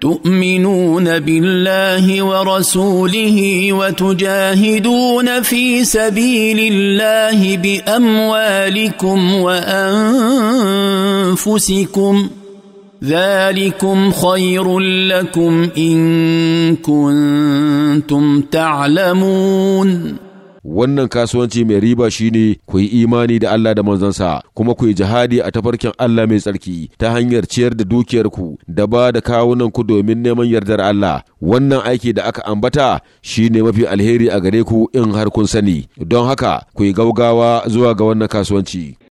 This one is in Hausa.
تؤمنون بالله ورسوله وتجاهدون في سبيل الله باموالكم وانفسكم ذلكم خير لكم ان كنتم تعلمون wannan kasuwanci mai riba shine ku yi imani da Allah da manzansa kuma ku yi jihadi a tafarkin Allah mai tsarki ta hanyar ciyar da dukiyarku da ba da kawunanku domin neman yardar Allah wannan aiki da aka ambata shine mafi alheri a gare ku in har kun sani don haka ku yi gaugawa zuwa ga wannan kasuwanci